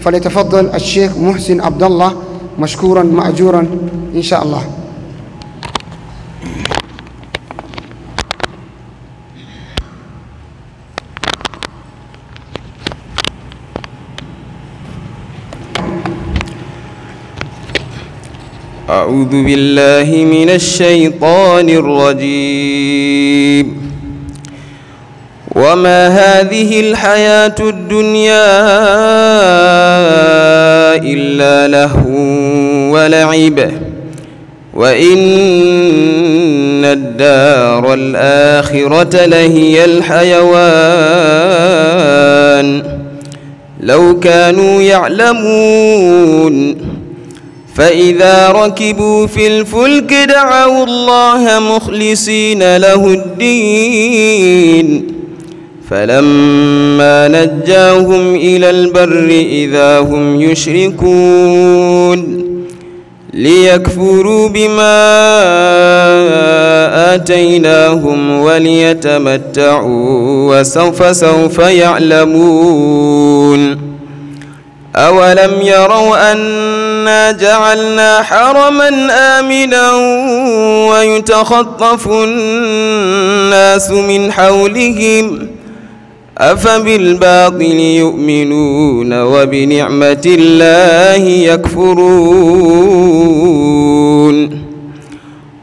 فليتفضل الشيخ محسن عبد الله مشكورا مأجورا إن شاء الله أعوذ بالله من الشيطان الرجيم وما هذه الحياة الدنيا إلا لهو ولعب وإن الدار الآخرة لهي الحيوان لو كانوا يعلمون فإذا ركبوا في الفلك دعوا الله مخلصين له الدين فلما نجاهم إلى البر إذا هم يشركون ليكفروا بما آتيناهم وليتمتعوا وسوف سوف يعلمون أولم يروا أنا جعلنا حرما آمنا ويتخطف الناس من حولهم ۖ أفبالباطل يؤمنون وبنعمة الله يكفرون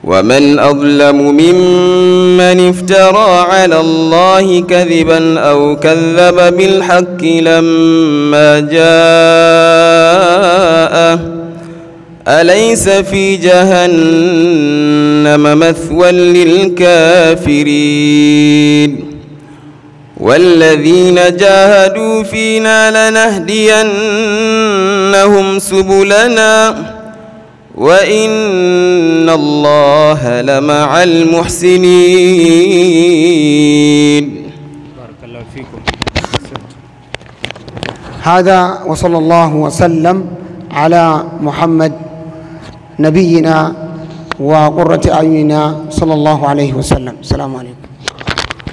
ومن أظلم ممن افترى على الله كذبا أو كذب بالحق لما جاءه أليس في جهنم مثوى للكافرين والذين جاهدوا فينا لنهدينهم سبلنا وإن الله لمع المحسنين بارك الله فيكم هذا وصلى الله وسلم على محمد نبينا وقرة أعيننا صلى الله عليه وسلم السلام عليكم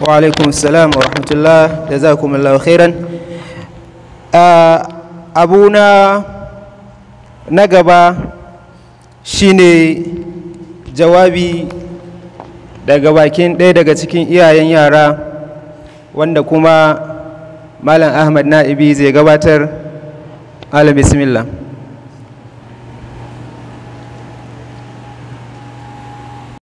wa alaikum salam wa rahmatullah da za mallawa khairan abu na na gaba shine jawabi daga bakin ɗaya daga cikin iyayen yara wanda kuma malam ahmad na'ibi zai gabatar ala bismillah